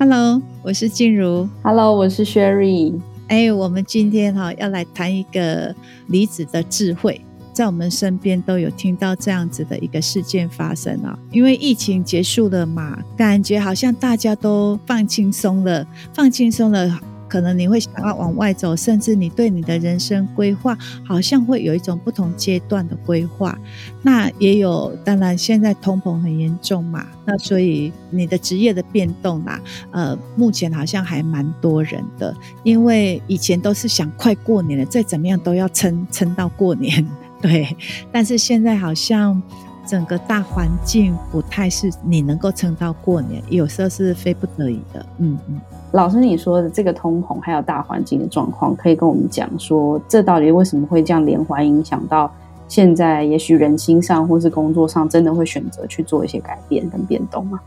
Hello，我是靜如。Hello，我是 Sherry。哎、欸，我們今天哈、喔、要來談一個離職的智慧。在我們身邊都有聽到這樣子的一個事件發生啊，因為疫情結束了嘛，感覺好像大家都放輕鬆了，放輕鬆了，可能你會想要往外走，甚至你對你的人生規劃好像會有一種不同階段的規劃。那也有，當然現在通膨很嚴重嘛，那所以你的職業的變動啦，呃，目前好像還蠻多人的，因為以前都是想快過年了，再怎麼樣都要撐撐到過年。對，但是現在好像整個大環境不太是你能夠撐到過年，有時候是非不得已的。嗯，嗯，老師你說的這個通膨還有大環境的狀況，可以跟我們講說，這到底為什麼會這樣連環影響到現在？也許人心上或是工作上，真的會選擇去做一些改變跟變動嗎？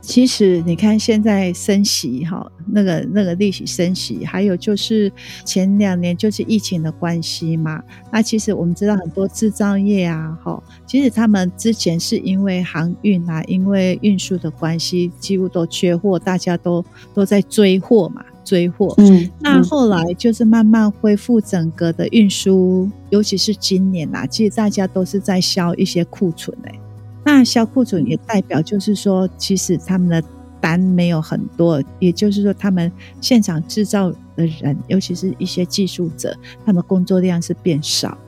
其實你看，現在升息哈，那個那個利息升息，還有就是前兩年就是疫情的關係嘛。那其實我們知道很多製造業啊，吼其實他們之前是因為航運啊，因為運輸的關係，幾乎都缺貨，大家都都在追貨嘛，追貨。嗯。那後來就是慢慢恢復整個的運輸，尤其是今年啊，其實大家都是在銷一些庫存嘞、欸。那銷庫存也代表，就是說，其實他們的單沒有很多，也就是說，他們現場製造的人，尤其是一些技術者，他們工作量是變少了。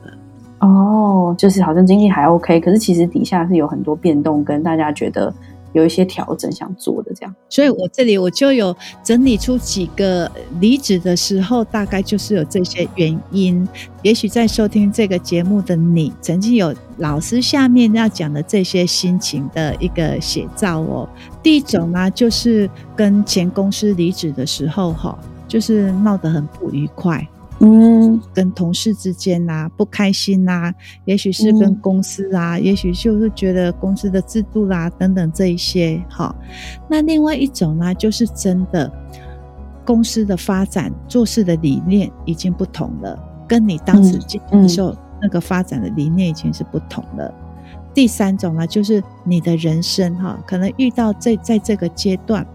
哦，就是好像經濟還 OK，可是其實底下是有很多變動，跟大家覺得。有一些調整想做的這樣，所以我這裡我就有整理出幾個離職的時候，大概就是有這些原因。也許在收聽這個節目的你，曾經有老師下面要講的這些心情的一個寫照哦。第一種呢，啊，就是跟前公司離職的時候，哦，哈，就是鬧得很不愉快。嗯，跟同事之間吶、啊、不開心吶、啊，也許是跟公司啊，嗯、也許就是覺得公司的制度啦、啊、等等這一些哈。那另外一種呢，就是真的公司的發展做事的理念已經不同了，跟你當時接受那個發展的理念已經是不同了。嗯嗯、第三種呢，就是你的人生哈，可能遇到這在，在這個階段，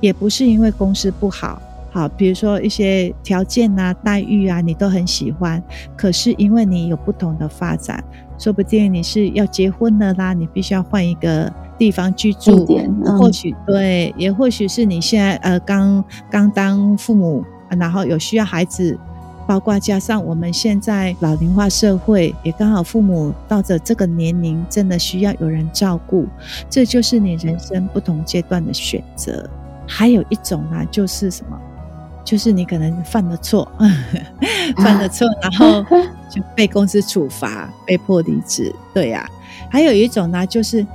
也不是因為公司不好。好，比如說一些條件啊、待遇啊，你都很喜歡，可是因為你有不同的發展，說不定你是要結婚了啦，你必須要換一個地方居住，一點嗯、或許對，也或許是你現在呃剛剛當父母、啊，然後有需要孩子，包括加上我們現在老齡化社會，也剛好父母到了這個年齡，真的需要有人照顧，這就是你人生不同階段的選擇。嗯、還有一種呢、啊，就是什麼？就是你可能犯了錯， 犯了錯、啊，然後就被公司處罰，被迫離職。對呀、啊，還有一種呢，就是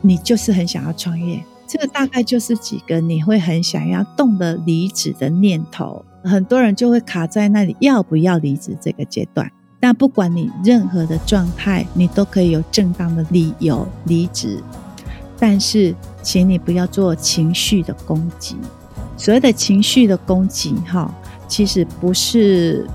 你就是很想要創業，這個大概就是幾個你會很想要動的離職的念頭。很多人就會卡在那裡，要不要離職這個階段。但不管你任何的狀態，你都可以有正當的理由離職。但是，請你不要做情緒的攻擊。所謂的情緒的攻擊，哈，其實不是，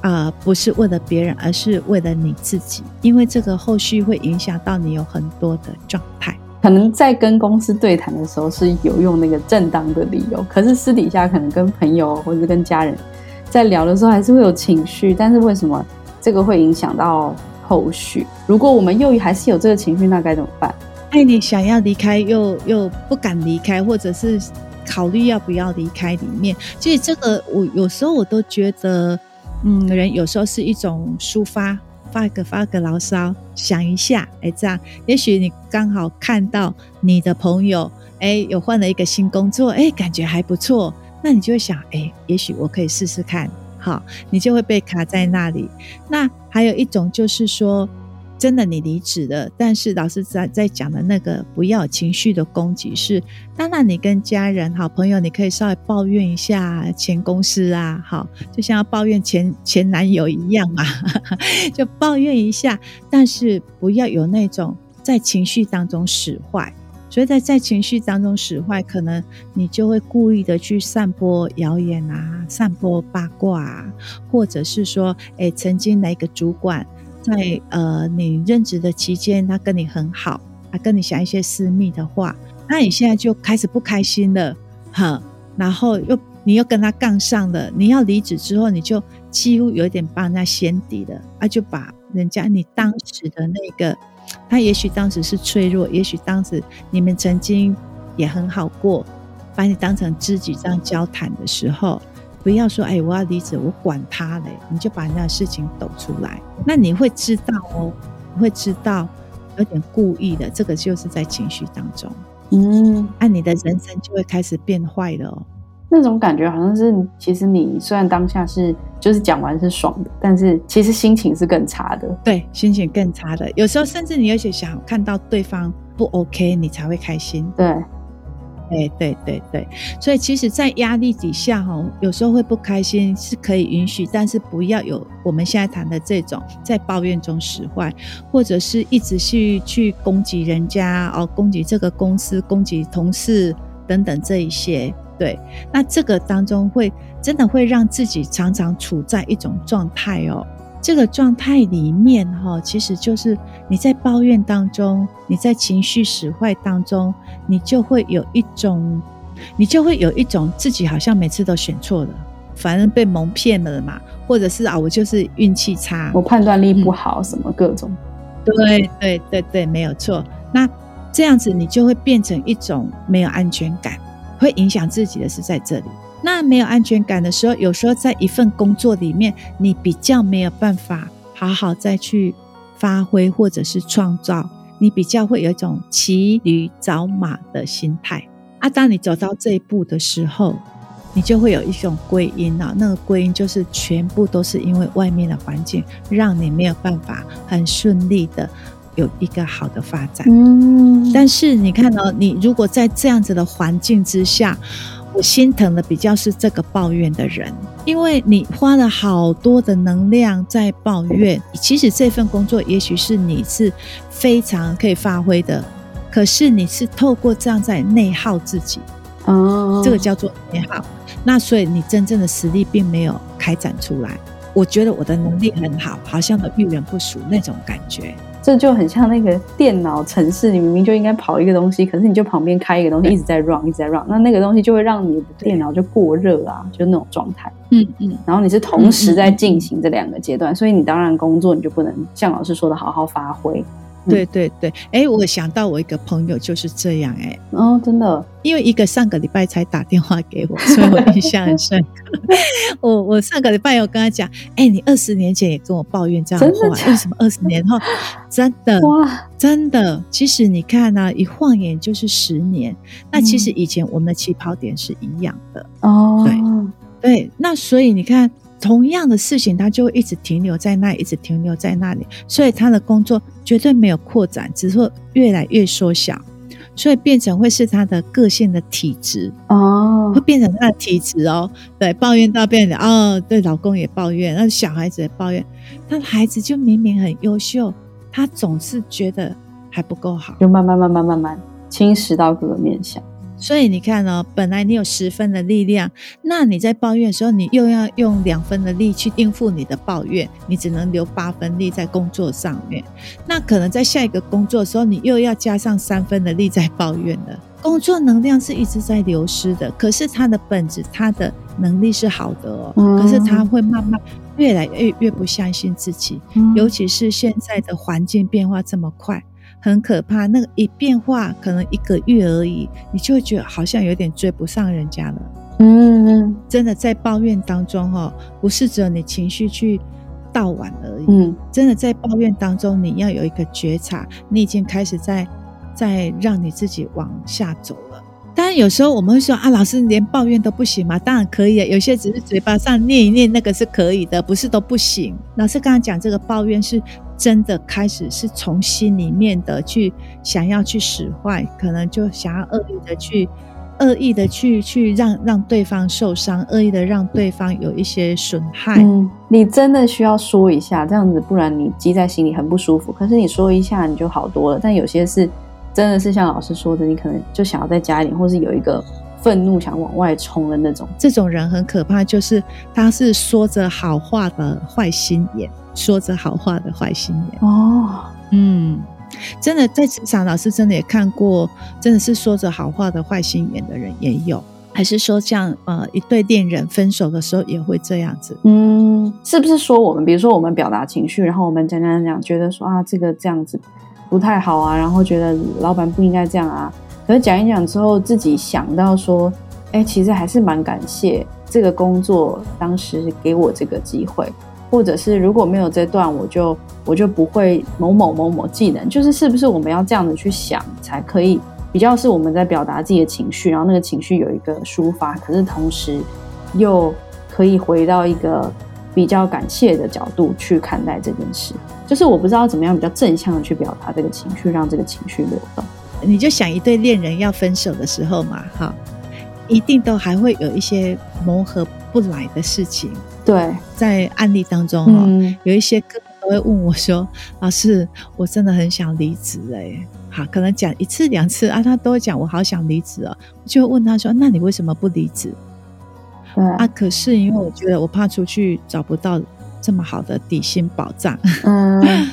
啊、呃，不是為了別人，而是為了你自己。因為這個後續會影響到你有很多的狀態。可能在跟公司對談的時候是有用那個正當的理由，可是私底下可能跟朋友或者跟家人在聊的時候還是會有情緒。但是為什麼這個會影響到後續？如果我們又還是有這個情緒，那該怎麼辦？愛、欸、你想要離開又，又又不敢離開，或者是？考慮要不要離開裡面，所以這個我有時候我都覺得，嗯，人有時候是一種抒發，發個發個牢騷，想一下，哎，這樣，也許你剛好看到你的朋友，哎，有換了一個新工作，哎，感覺還不錯，那你就會想，哎，也許我可以試試看，好，你就會被卡在那裡。那還有一種就是說。真的，你離職了，但是老師在在講的那個不要有情緒的攻擊是，當然你跟家人、好朋友，你可以稍微抱怨一下前公司啊，好，就像要抱怨前前男友一樣嘛， 就抱怨一下，但是不要有那種在情緒當中使壞。所以在在情緒當中使壞，可能你就會故意的去散播謠言啊，散播八卦啊，或者是說，哎、欸，曾經哪一個主管。在呃，你任職的期間，他跟你很好，他跟你講一些私密的話，那你現在就開始不開心了，哈，然後又你又跟他槓上了，你要離職之後，你就幾乎有一點幫人家掀底了，他就把人家你當時的那個，他也許當時是脆弱，也許當時你們曾經也很好過，把你當成知己這樣交談的時候。不要說，欸、我要離職，我管他嘞！你就把那事情抖出來，那你會知道哦，你會知道有點故意的，這個就是在情緒當中，嗯，那、啊、你的人生就會開始變壞了哦。那種感覺好像是，其實你雖然當下是就是講完是爽的，但是其實心情是更差的。對，心情更差的，有時候甚至你有些想看到對方不 OK，你才會開心。對。哎，對對對，所以其實，在壓力底下哈，有時候會不開心是可以允許，但是不要有我們現在談的這種在抱怨中使壞，或者是一直去去攻擊人家哦，攻擊這個公司、攻擊同事等等這一些。對，那這個當中會真的會讓自己常常處在一種狀態哦。這個狀態裡面、哦，哈，其實就是你在抱怨當中，你在情緒使壞當中，你就會有一種，你就會有一種自己好像每次都選錯了，反正被蒙騙了嘛，或者是啊、哦，我就是運氣差，我判斷力不好，嗯、什麼各種，對對對對，沒有錯。那這樣子你就會變成一種沒有安全感，會影響自己的，是在這裡。那沒有安全感的時候，有時候在一份工作裡面，你比較沒有辦法好好再去發揮或者是創造，你比較會有一種騎驢找馬的心態啊。當你走到這一步的時候，你就會有一種歸因啊、哦，那個歸因就是全部都是因為外面的環境讓你沒有辦法很順利的有一個好的發展。嗯，但是你看呢、哦，你如果在這樣子的環境之下。我心疼的比較是這個抱怨的人，因為你花了好多的能量在抱怨。其實這份工作也許是你是非常可以發揮的，可是你是透過這樣在內耗自己。哦、oh.，這個叫做內耗。那所以你真正的實力並沒有開展出來。我覺得我的能力很好，好像遇人不淑那種感覺。這就很像那個電腦程式，你明明就應該跑一個東西，可是你就旁邊開一個東西，一直在 run，一直在 run，那那個東西就會讓你的電腦就過熱啊，就那種狀態。嗯嗯，然後你是同時在進行這兩個階段，嗯嗯所以你當然工作你就不能像老師說的好好發揮。對對對，哎、欸，我想到我一個朋友就是這樣、欸，哎，哦，真的，因為一個上個禮拜才打電話給我，所以我印象很深刻。 我我上個禮拜有跟他講，哎、欸，你二十年前也跟我抱怨這樣的話，為什麼二十年後真的哇真的？其實你看啊，一晃眼就是十年、嗯，那其實以前我們的起跑點是一樣的哦，對對，那所以你看。同樣的事情，他就會一直停留在那，一直停留在那裡，所以他的工作絕對沒有擴展，只是會越來越縮小，所以變成會是他的個性的體質哦，會變成他的體質哦。對，對抱怨到變成哦，對，老公也抱怨，那小孩子也抱怨，他的孩子就明明很優秀，他總是覺得還不夠好，就慢慢慢慢慢慢侵蝕到各個面向。所以你看哦，本來你有十分的力量，那你在抱怨的時候，你又要用兩分的力去應付你的抱怨，你只能留八分力在工作上面。那可能在下一個工作的時候，你又要加上三分的力在抱怨了。工作能量是一直在流失的，可是他的本質，他的能力是好的哦。嗯。可是他會慢慢越來越越不相信自己，嗯。尤其是現在的環境變化這麼快。很可怕，那個一變化，可能一個月而已，你就會覺得好像有點追不上人家了。嗯，嗯，嗯，真的在抱怨當中哈、喔，不是只有你情緒去倒完而已、嗯。真的在抱怨當中，你要有一個覺察，你已經開始在在讓你自己往下走了。當然，有時候我們會說啊，老師連抱怨都不行嗎？當然可以啊，有些只是嘴巴上念一念，那個是可以的，不是都不行。老師剛剛講這個抱怨，是真的開始是從心裡面的去想要去使壞，可能就想要惡意的去惡意的去去讓讓對方受傷，惡意的讓對方有一些損害。嗯，你真的需要說一下，這樣子，不然你積在心裡很不舒服。可是你說一下，你就好多了。但有些是。真的是像老師說的，你可能就想要再加一點，或是有一個憤怒想往外衝的那種。這種人很可怕，就是他是說着好話的壞心眼，說着好話的壞心眼。哦，嗯，真的在職場，老師真的也看過，真的是說着好話的壞心眼的人也有。還是說像，像呃一對戀人分手的時候也會這樣子？嗯，是不是說我們，比如說我們表達情緒，然後我們講講講，覺得說啊這個這樣子。不太好啊，然後覺得老闆不應該這樣啊。可是講一講之後，自己想到說，誒、欸，其實還是蠻感謝這個工作，當時給我這個機會，或者是如果沒有這段，我就我就不會某某某某技能。就是是不是我們要這樣子去想，才可以比較是我們在表達自己的情緒，然後那個情緒有一個抒發，可是同時又可以回到一個，比較感謝的角度去看待這件事，就是我不知道怎麼樣比較正向的去表達這個情緒，讓這個情緒流動。你就想一對戀人要分手的時候嘛，哈，一定都還會有一些磨合不來的事情。對，在案例當中哈、哦嗯，有一些哥哥會問我說：“老師，我真的很想離職哎，好，可能講一次兩次啊，他都會講我好想離職啊。”我就會問他說：“那你為什麼不離職？”啊，可是因為我覺得我怕出去找不到這麼好的底薪保障，嗯，還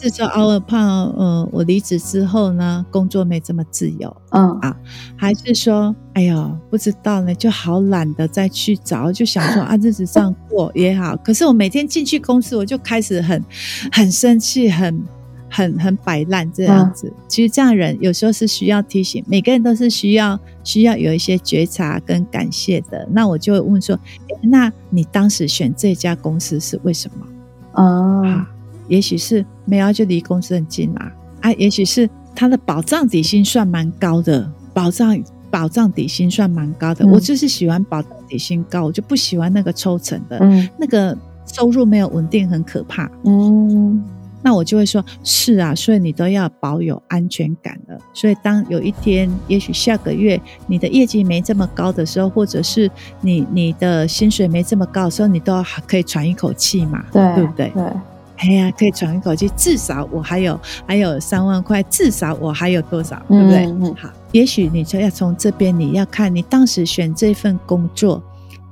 是說偶爾怕，嗯，我離職之後呢，工作沒這麼自由，嗯啊，還是說，哎呦，不知道呢，就好懶得再去找，就想說啊，日子這樣過也好。可是我每天進去公司，我就開始很很生氣，很。很很擺爛這樣子，嗯，其實這樣的人有時候是需要提醒，每個人都是需要需要有一些覺察跟感謝的。那我就會問說，欸，那你當時選這家公司是為什麼？哦，啊，也許是沒有就離公司很近啊，啊，也許是他的保障底薪算蠻高的，保障保障底薪算蠻高的，嗯。我就是喜歡保障底薪高，我就不喜歡那個抽成的，嗯，那個收入沒有穩定，很可怕。嗯。那我就會說，是啊，所以你都要保有安全感的。所以當有一天，也許下個月你的業績沒這麼高的時候，或者是你你的薪水沒這麼高的時候，你都可以喘一口氣嘛，對，對不對？對，哎呀，可以喘一口氣，至少我還有還有三萬塊，至少我還有多少，嗯，對不對？嗯。好，也許你就要從這邊，你要看你當時選這份工作，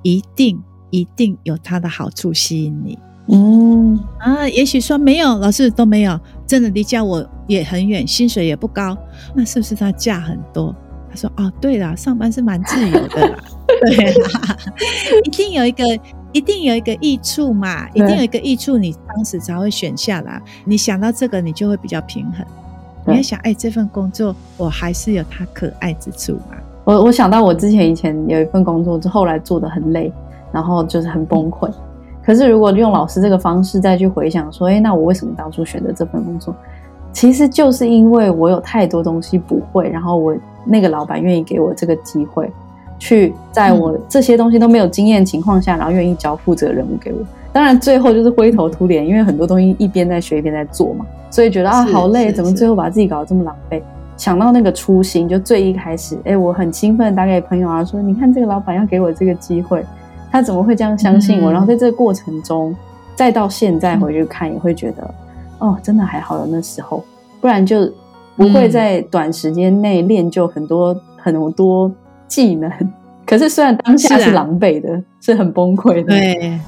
一定一定有它的好處吸引你。嗯，啊，也許說沒有，老師都沒有，真的離家我也很遠，薪水也不高，那是不是他假很多？他說哦，對了，上班是蠻自由的啦， 對啦， 一定有一個，一定有一個益處嘛，一定有一個益處，你當時才會選下來。你想到這個，你就會比較平衡。你要想，哎、欸，這份工作我還是有它可愛之處嘛。我我想到我之前以前有一份工作，就後來做得很累，然後就是很崩潰。嗯可是，如果用老師這個方式再去回想，說，哎、欸，那我為什麼當初選擇這份工作？其實就是因為我有太多東西不會，然後我那個老闆願意給我這個機會，去在我這些東西都沒有經驗情況下，然後願意交付責任務給我。當然，最後就是灰頭土臉，因為很多東西一邊在學一邊在做嘛，所以覺得啊，好累，是是是怎麼最後把自己搞得這麼狼狽？想到那個初心，就最一開始，哎、欸，我很興奮打給朋友啊，說，你看這個老闆要給我這個機會。他怎麼會這樣相信我？嗯。然後在這個過程中，再到現在回去看，也會覺得、嗯，哦，真的還好了那時候，不然就不會在短時間內練就很多、嗯、很多技能。可是雖然當下是狼狽的，是啊，是很崩潰的，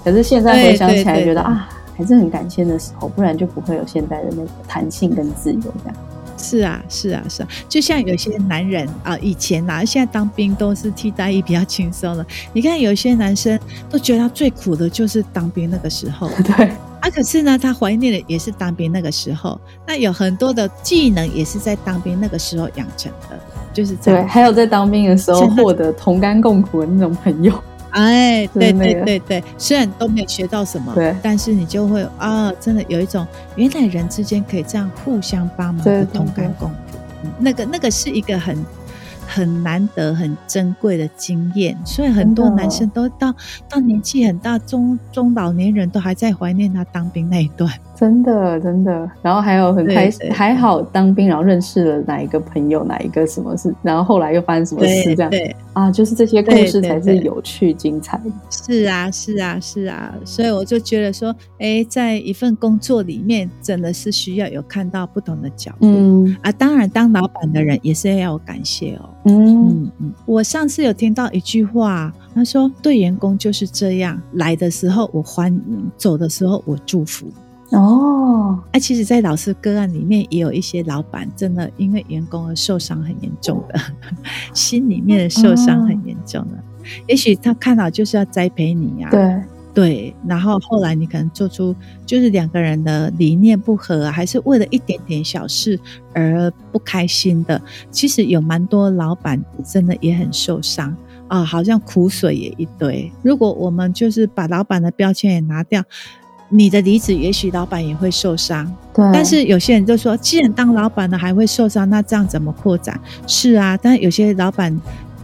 可是現在回想起來，覺得對對對對對啊，還是很感謝的時候，不然就不會有現在的那個彈性跟自由這樣。是啊，是啊，是啊，就像有些男人啊、呃，以前啊，現在當兵都是替代役比較輕鬆了。你看，有些男生都覺得他最苦的就是當兵那個時候，對啊，可是呢，他懷念的也是當兵那個時候。那有很多的技能也是在當兵那個時候養成的，就是這樣，對。還有在當兵的時候獲得同甘共苦的那種朋友。 哎，是不是，那個，對對對對，雖然都沒有學到什麼，但是你就會啊、哦，真的有一種原來人之間可以這樣互相幫忙，同甘共苦，那個那個是一個很。很難得、很珍貴的經驗，所以很多男生都到到年紀很大、中中老年人都還在懷念他當兵那一段，真的真的。然後還有很開心，對對對，還好當兵，然後認識了哪一個朋友，哪一個什麼事，然後後來又發生什麼事這樣。對對對，啊，就是這些故事才是有趣、精彩，對對對。是啊，是啊，是啊。所以我就覺得說，哎、欸，在一份工作裡面，真的是需要有看到不同的角度。嗯、啊，當然當。老闆的人也是要感謝哦。嗯嗯嗯，我上次有聽到一句話，他說對員工就是這樣，來的時候我歡迎，走的時候我祝福。哦，哎、啊，其實，在老師個案裡面，也有一些老闆真的因為員工而受傷很嚴重的、嗯，心裡面的受傷很嚴重的，嗯，也許他看到就是要栽培你呀、啊。對。對，然後後來你可能做出就是兩個人的理念不合，還是為了一點點小事而不開心的。其實有蠻多老闆真的也很受傷啊，呃，好像苦水也一堆。如果我們就是把老闆的標籤也拿掉，你的離職也許老闆也會受傷。對，但是有些人就說，既然當老闆的還會受傷，那這樣怎麼擴展？是啊，但有些老闆。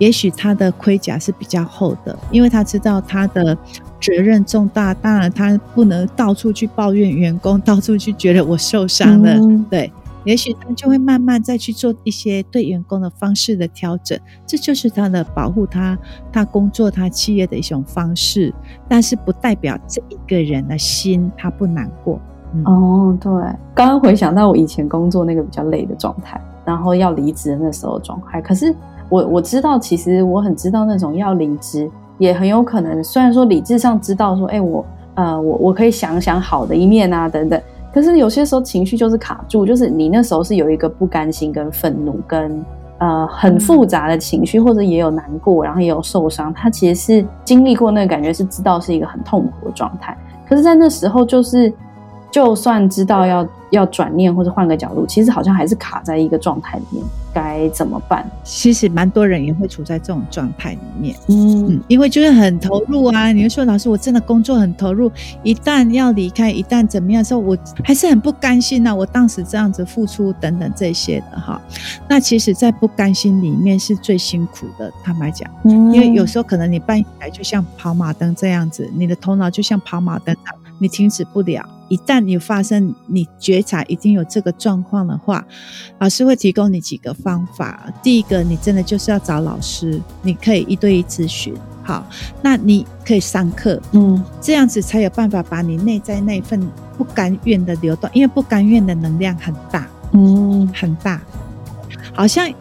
也許他的盔甲是比較厚的，因為他知道他的責任重大。當然，他不能到處去抱怨員工，到處去覺得我受傷了、嗯。對，也許他就會慢慢再去做一些對員工的方式的調整，這就是他的保護他、他工作、他企業的一種方式。但是，不代表這一個人的心他不難過。嗯、哦，對，剛剛回想到我以前工作那個比較累的狀態，然後要離職的那時候的狀態，可是。我我知道，其實我很知道那種要離職，也很有可能。雖然說理智上知道說，哎、欸，我呃，我我可以想想好的一面啊，等等。可是有些時候情緒就是卡住，就是你那時候是有一個不甘心跟憤怒跟，跟呃很複雜的情緒，或者也有難過，然後也有受傷。他其實是經歷過那個感覺，是知道是一個很痛苦的狀態。可是，在那時候就是。就算知道要、嗯、要轉念或者換個角度，其實好像還是卡在一個狀態裡面，該怎麼辦？其實蠻多人也會處在這種狀態裡面嗯，嗯，因為就是很投入啊。你會說老師，我真的工作很投入，一旦要離開，一旦怎麼樣的時候，我還是很不甘心吶、啊。我當時這樣子付出等等這些的哈，那其實在不甘心裡面是最辛苦的，坦白講、嗯，因為有時候可能你辦起來就像跑馬燈這樣子，你的頭腦就像跑馬燈你停止不了，一旦你發生，你覺察已經有這個狀況的話，老師會提供你幾個方法。第一個，你真的就是要找老師，你可以一對一諮詢。好，那你可以上課，嗯，這樣子才有辦法把你內在那份不甘願的流動，因為不甘願的能量很大，嗯，很大，好像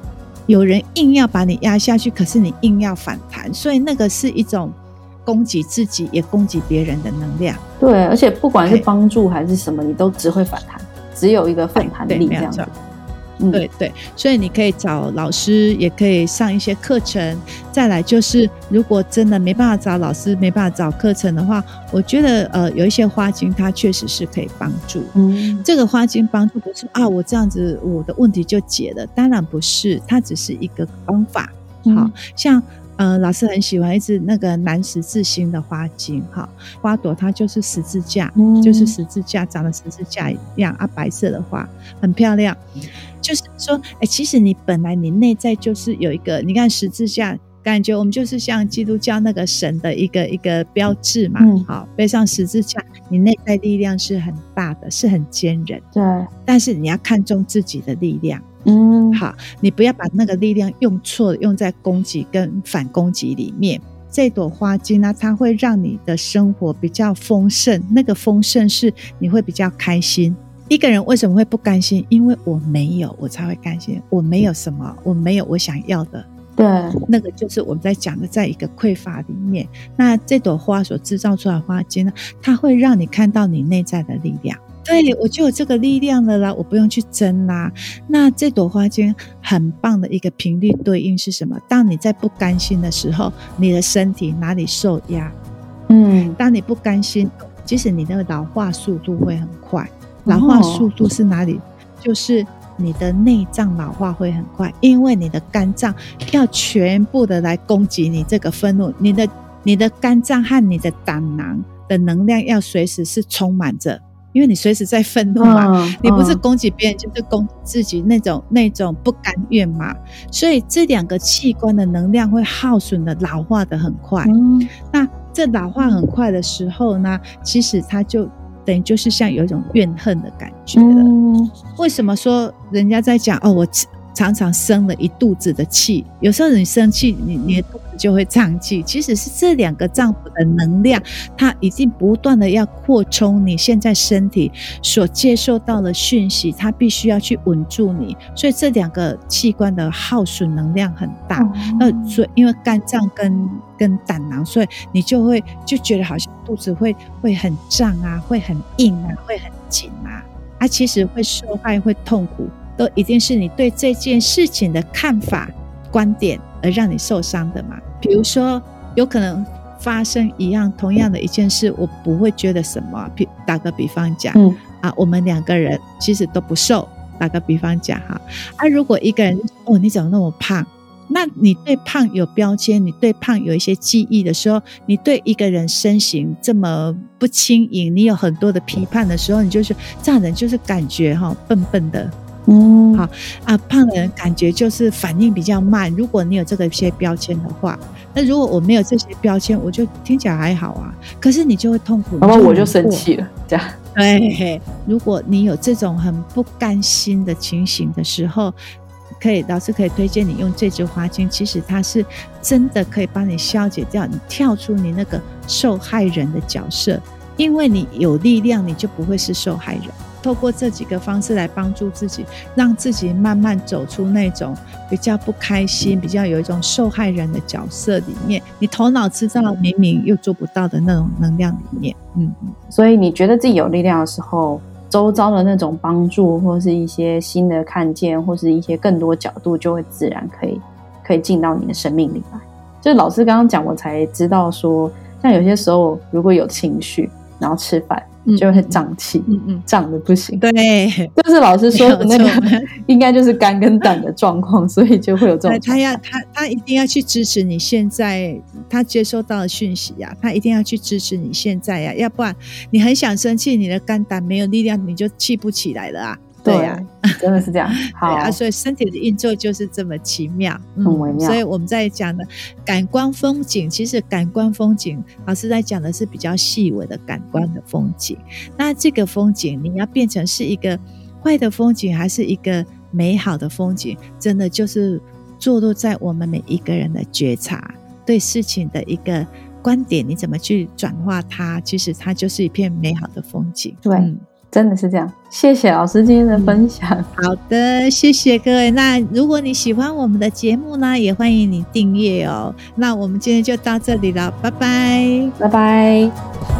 有人硬要把你壓下去，可是你硬要反彈，所以那個是一種。攻擊自己也攻擊別人的能量，對，而且不管是幫助還是什麼，欸、你都只會反彈，只有一個反彈力量。嗯，對對，所以你可以找老師，也可以上一些課程。再來就是、嗯，如果真的沒辦法找老師，沒辦法找課程的話，我覺得呃，有一些花精它確實是可以幫助。嗯，這個花精幫助不、就是啊，我這樣子我的問題就解了，當然不是，它只是一個方法，好、嗯、像。嗯、呃，老師很喜歡一支那個南十字星的花精哈，花朵它就是十字架，嗯、就是十字架長的十字架一樣啊，白色的花很漂亮、嗯。就是說，哎、欸，其實你本來你內在就是有一個，你看十字架。感覺我們就是像基督教那個神的一個一個標誌嘛、嗯，好，背上十字架，你內在力量是很大的，是很堅韌。對，但是你要看重自己的力量，嗯，好，你不要把那個力量用錯，用在攻擊跟反攻擊裡面。這朵花精呢、啊，它會讓你的生活比較豐盛，那個豐盛是你會比較開心。一個人為什麼會不甘心？因為我沒有，我才會甘心。我沒有什麼，我沒有我想要的。對，那個就是我們在講的，在一個匱乏裡面，那這朵花所制造出來的花精呢，它會讓你看到你內在的力量。對，我就有這個力量了啦，我不用去爭啦、啊。那這朵花精很棒的一個頻率對應是什麼？當你在不甘心的時候，你的身體哪裡受壓？嗯，當你不甘心，即使你那個老化速度會很快，老化速度是哪裡？哦、就是。你的內臟老化會很快，因為你的肝臟要全部的來攻擊你這個憤怒，你的你的肝臟和你的膽囊的能量要隨時是充滿着，因為你隨時在憤怒嘛，你不是攻擊別人就是攻擊自己那種那種不甘願嘛，所以這兩個器官的能量會耗損的、老化的很快、嗯。那這老化很快的時候呢，其實它就。等於就是像有一種怨恨的感覺了。嗯。為什麼說人家在講哦？我。常常生了一肚子的氣，有時候你生氣，你你的肚子就會脹氣。其實是這兩個臟腑的能量，它已經不斷的要擴充你現在身體所接受到的訊息，它必須要去穩住你。所以這兩個器官的耗損能量很大。嗯。那所以因為肝臟跟跟膽囊，所以你就會就覺得好像肚子會會很脹啊，會很硬啊，會很緊啊，它其實會受害，會痛苦。都一定是你對這件事情的看法、觀點而讓你受傷的嘛？比如說，有可能發生一樣、同樣的一件事，我不會覺得什麼。比打個比方講，嗯啊，我們兩個人其實都不瘦。打個比方講哈，啊，如果一個人哦，你怎麼那麼胖？那你對胖有標籤，你對胖有一些記憶的時候，你對一個人身形這麼不輕盈，你有很多的批判的時候，你就是這樣的人，就是感覺哈、哦、笨笨的。哦、嗯，好啊，胖的人感覺就是反應比較慢。如果你有這個一些標籤的話，那如果我沒有這些標籤，我就聽起來還好啊。可是你就會痛苦，然後我就生氣了這樣，對。對，嘿，如果你有這種很不甘心的情形的時候，可以老師可以推薦你用這支花精，其實它是真的可以幫你消解掉，你跳出你那個受害人的角色，因為你有力量，你就不會是受害人。透過這幾個方式來幫助自己，讓自己慢慢走出那種比較不開心、比較有一種受害人的角色裡面，你頭腦知道明明又做不到的那種能量裡面。嗯嗯，所以你覺得自己有力量的時候，周遭的那種幫助或是一些新的看見或是一些更多角度，就會自然可以可以進到你的生命裡來。就老師剛剛講，我才知道說，像有些時候如果有情緒，然後吃飯。會長嗯，就很脹氣，脹得不行。對，就是老師說的那個，應該就是肝跟膽的狀況， 所以就會有這種他。他要他他一定要去支持你現在，他接收到訊息呀、啊，他一定要去支持你現在呀、啊，要不然你很想生氣，你的肝膽沒有力量，你就氣不起來了啊。對呀、啊， 真的是這樣。好啊，所以身體的運作就是這麼奇妙，很微妙、嗯。所以我們在講的感官風景，其實感官風景老師在講的是比較細微的感官的風景。那這個風景你要變成是一個壞的風景，還是一個美好的風景？真的就是坐落在我們每一個人的覺察，對事情的一個觀點，你怎麼去轉化它，其實它就是一片美好的風景。對。真的是這樣，謝謝老師今天的分享。嗯，好的，謝謝各位。那如果你喜歡我們的節目呢，也歡迎你訂閱哦。那我們今天就到這裡了，拜拜，拜拜。